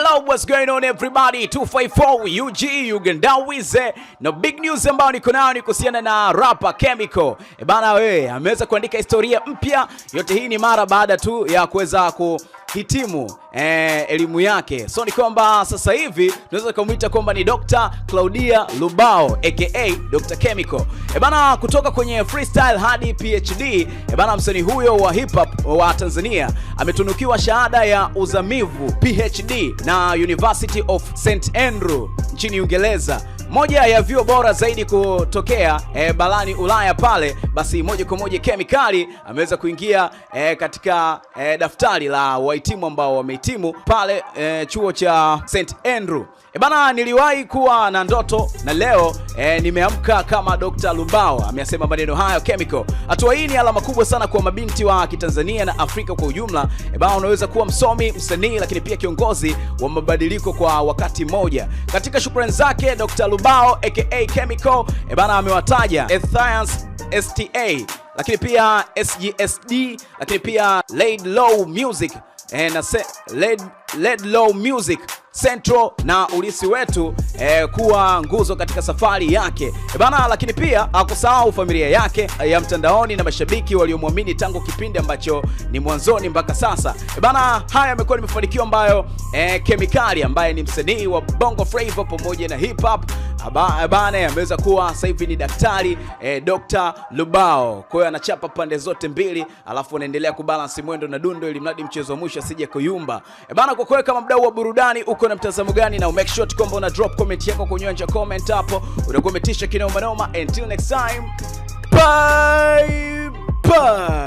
Hello, what's going on everybody? 254 UG Wize. No big news ambayo niko nayo ni kuhusiana na rapper Chemical. E bana, wewe ameweza kuandika historia mpya. Yote hii ni mara baada tu ya kuweza kuhitimu eh, elimu yake. So ni kwamba sasa hivi tunaweza kumuita kwamba ni Dr. Claudia Lubao aka Dr. Chemical. E bana, kutoka kwenye freestyle hadi PhD. E eh, bana, msanii huyo wa hip hop wa Tanzania ametunukiwa shahada ya uzamivu PhD na University of St Andrew nchini Uingereza, moja ya vyuo bora zaidi kutokea e, barani Ulaya pale. Basi moja kwa moja kemikali ameweza kuingia e, katika e, daftari la wahitimu ambao wamehitimu pale e, chuo cha St Andrew. E bana, niliwahi kuwa na ndoto na leo e, nimeamka kama Dr. Lumbao. Ameyasema maneno hayo Chemical. Hatua hii ni alama kubwa sana kwa mabinti wa Kitanzania Tanzania na Afrika kwa ujumla. E unaweza kuwa msomi, msanii, lakini pia kiongozi wa mabadiliko kwa wakati mmoja. Katika shukrani zake Dr. Lubao aka Chemical ebana amewataja Ethians STA, lakini pia SGSD, lakini pia Laid Low Music, e, na Laid Low Music Central na ulisi wetu eh, kuwa nguzo katika safari yake e bana, lakini pia akusahau familia yake eh, ya mtandaoni na mashabiki waliomwamini tangu kipindi ambacho ni mwanzoni mpaka sasa e bana. Haya yamekuwa ni mafanikio ambayo eh, Kemikali ambaye ni msanii wa Bongo Flava pamoja na hip hop bana ameweza kuwa sasa hivi ni daktari eh, Dr. Lubao. Kwa hiyo anachapa pande zote mbili, alafu anaendelea kubalansi mwendo na dundo, ili mradi mchezo wa mwisho asije kuyumba. Eh, bana, kwa kweli kama mdau wa burudani uko na mtazamo gani? Na make sure kwamba una drop comment yako kwenye anja comment hapo, unakometisha kinoma noma. Until next time, bye bye.